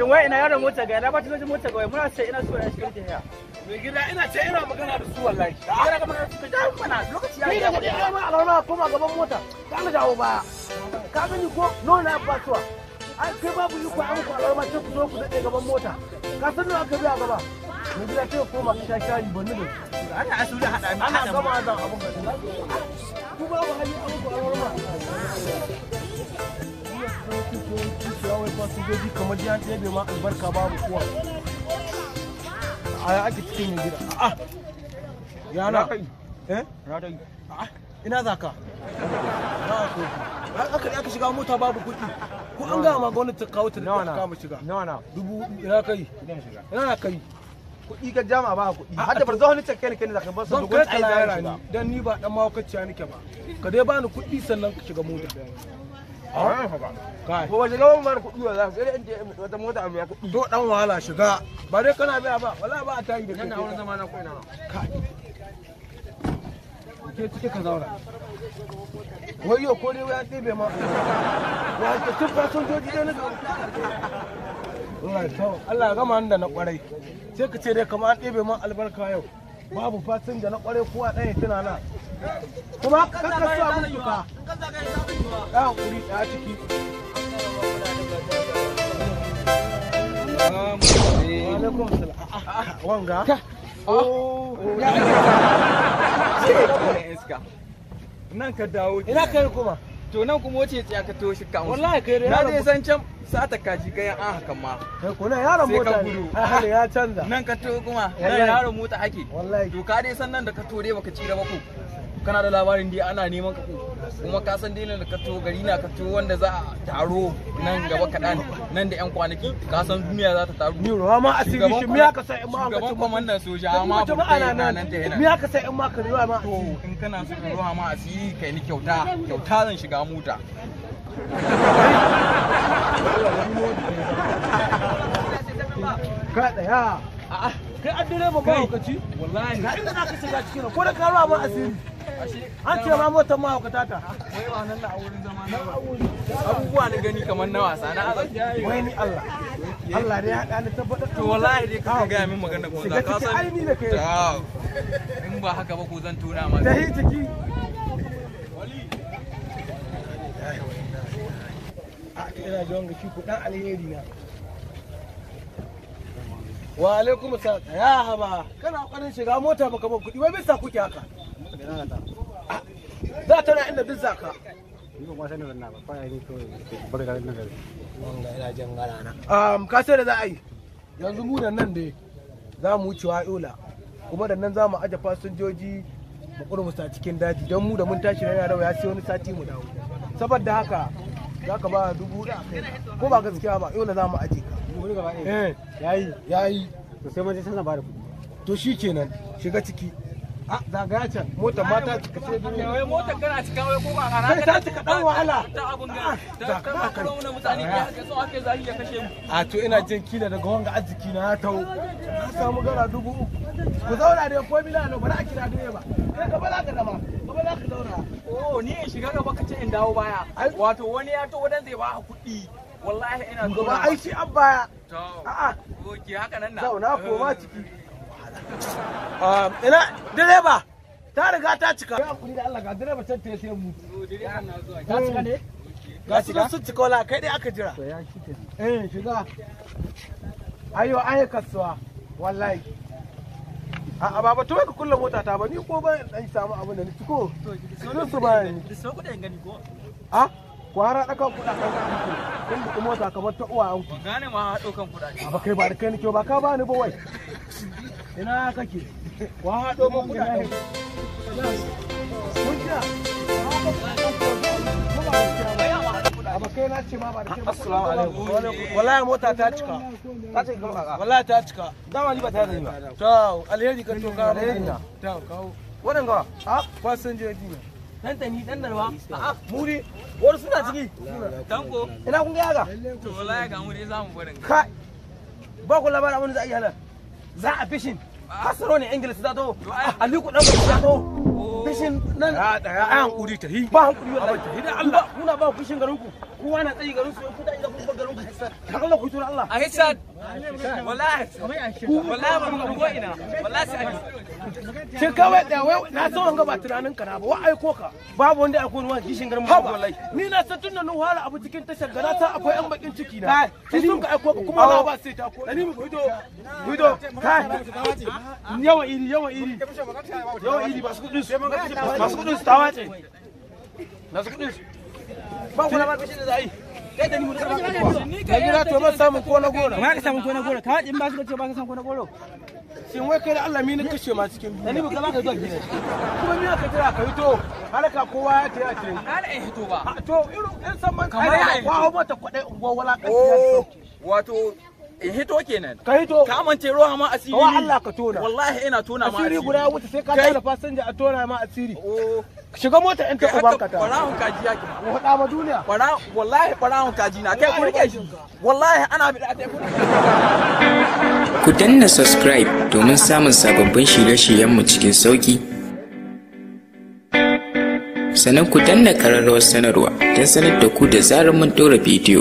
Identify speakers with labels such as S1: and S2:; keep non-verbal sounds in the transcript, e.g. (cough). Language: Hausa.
S1: shin wai ina yaron mota ga ina ba ta mota ga muna sai ina so ya shiga ta haya mai gida ina ce ina magana da su wallahi ina ga magana ka jawo mana lokaci ya yi ga ai ma alama koma gaban mota ka ga jawo baya ka gani ko na ba tuwa ai kai babu yi ko an ko alama ce ku zo ku dade gaban mota ka san nawa ka biya gaba mai gida ce ko ka ta shayi bani da ana da hada ana gaba da abun ku babu hali an ku alama sojoji kamar jiyan ɗebe ma albarka babu kowa a ake cikin yin gida a'a yana eh ina za ka aka aka shiga mota babu kuɗi ko an gama ma gwamnati ta kawo ta da kama shiga nawa dubu ina kai ina na kai kuɗi ga jama'a ba kuɗi har da barzo hannu cakke ne kai zaka ba su dogo ai zai rani dan ni ba dan mawakaciya nake ba ka dai bani kuɗi sannan ka shiga mota ko wace gaban mara kuɗi wa za su sai inda wata mota mai kuɗi to dan wahala shiga ba dai kana biya ba wala ba a tayi da kai nan wurin zama na koyi na kai
S2: ke cike ka zauna
S1: wai yau ko dai ya ɗebe ma wa ke tun fasinjoji dai na ga Allah ya gama da na kwarai sai ka ce dai kamar an ɗebe ma albarka yau babu fasinja na kwarai kowa ɗaya tana na kuma kan ka sa mun ka hakuri da ciki ah, ah, ah, wanga oh, oh, (laughs) nan ka dawo ina kai kuma to nan kuma wace tsaya ka toshi ka wallahi kai na dai san can sata kaji kayan an hakan ma kai kuna yaron mota ne (laughs) ya canza nan ka to kuma nan yaron mota ake wallahi to ka dai san nan da ka to baka tsira ba ko kana da labarin dai ana neman ka kuma ka san dai da ka to gari na ka to wanda za a taro nan gaba kaɗan nan da 'yan kwanaki ka san duniya za ta taru ni ruwa ma cikin shi miya ka sai in ma gaban kwamandan soja amma ba ka nan ta yana miya ka sai in ma ka ruwa ma to in kana so ka ruwa ma asiri kai ni kyauta kyauta zan shiga mota ka tsaya a'a kai an direba ba hukaci wallahi ga inda zaka shiga cikin ko da ka ruwa ban asiri an ce ma motar ma hukata ta wai ba nan a wurin zama na abubuwa na gani kamar na wasa na wai ni Allah Allah dai hada ni tabbatar to wallahi dai ka ga min magana ko za ka san ai ni da kai in ba haka ba ko zan tona ma da ciki wali a shi ku dan alheri na wa alaikum salam ya haba kana kokarin shiga mota baka ba kudi wai bisa kuke haka za ta na inda duk zaka Um, ka sai da za a yi yanzu mu da nan dai za mu wucewa yola kuma da nan za mu aje fasinjoji mu kurmusa cikin daji don mu da mun tashi na yarawa ya sai wani sati mu dawo saboda haka za ka ba dubu da ko ba gaskiya ba yola za mu aje eh yayi yayi to sai mun je sana bada to shikenan shiga ciki a ya can motar ma ta cika sai duniya wai motar kana cika wai ko ba ta cika dan wahala ta abun ga ah, ta wannan mutane ke haka so ya kashe mu a to ina jin kila daga wanga arziki na ya tawo na samu gara dubu uku ku zauna da ko mila na bara a kira dare ba kai ka bala ka dama ka zauna oh ni in shiga gaba ka ce in dawo baya wato wani ya to wadan zai ba kuɗi wallahi ina an baya a'a haka nan na zauna koma ciki (laughs) ah, ina direba ta riga ta cika ya kuri da Allah ga direba ta sai mu direba na zuwa ta cika ne ga su sun cika wala kai dai aka jira to ya eh shiga ayo kasuwa wallahi to ka kulle mota ta ba ni ko ba dan samu abin da ni ciko. To su ba ni. gani ko? Ah? ku har haɗa kan kuɗaɗen ku kun buɗi mota kamar ta uwa gane ma kan ba kai ba da kai nake ba ka ba ina kake Wallahi mota ta cika. ta cika. Dama ni ba ta yi ba. To, alheri ka to Alheri na. To, kawo. fasinjoji ne. dan tani dan narwa a'a muri wani suna ciki tanko ina kun ga yaga to wallahi ga muri za mu barin ka ba ku labarin abin za a yi halal za a fishin hasaro ne ingilis za to aliku dan ku za to oh. fishin nan a daya a hankuri ta yi ba hankuri wallahi ta yi da Allah kuna ba fishin garin ku kowa na tsayi garin su ku da inda kun ba garin ku ka Allah ku tura Allah a hissa wallahi wallahi ba mu ko ina wallahi sai
S2: ce kawai da wai na san
S1: wanga tunanin ka na ba wai aiko ka babu wanda aiko ruwan kishin garin ba ni na san tun da nu fara abu cikin tashar gara ta akwai yan bakin ciki na sai sun ka aiko ka kuma na ba sai ta ko mu kai yawa iri yawa iri yawa iri ba su kudin su ba su kudin su na su kudin su
S2: ba ku na ba kishin da
S1: a yi kai da ni mu da to ba ko na ma ka ko na ka ba su ce ba ka ko na shin wai kai da Allah mini na kashe ma cikin duniya ni ba ka zaka zuwa gida kuma ni ka tira ka fito haraka kowa ya tira tire kana eh hito ba to irin in san man kai ko mata kwadai unguwa wala kan oh, wato in hito kenan ka hito ka amince ruwa ma asiri wa Allah ka tona wallahi ina tona ma asiri guda wuta sai ka tara fasinja a tona ma asiri oh shiga mota in ta ku baka ta farahun kaji yake wada ma duniya fara wallahi farahun kaji na kai ku rike shi wallahi ana bi da ku danna subscribe domin samun sababbin shirye shiryen mu cikin sauki sannan ku danna kararrawar sanarwa don sanar da ku da zarar mun dora bidiyo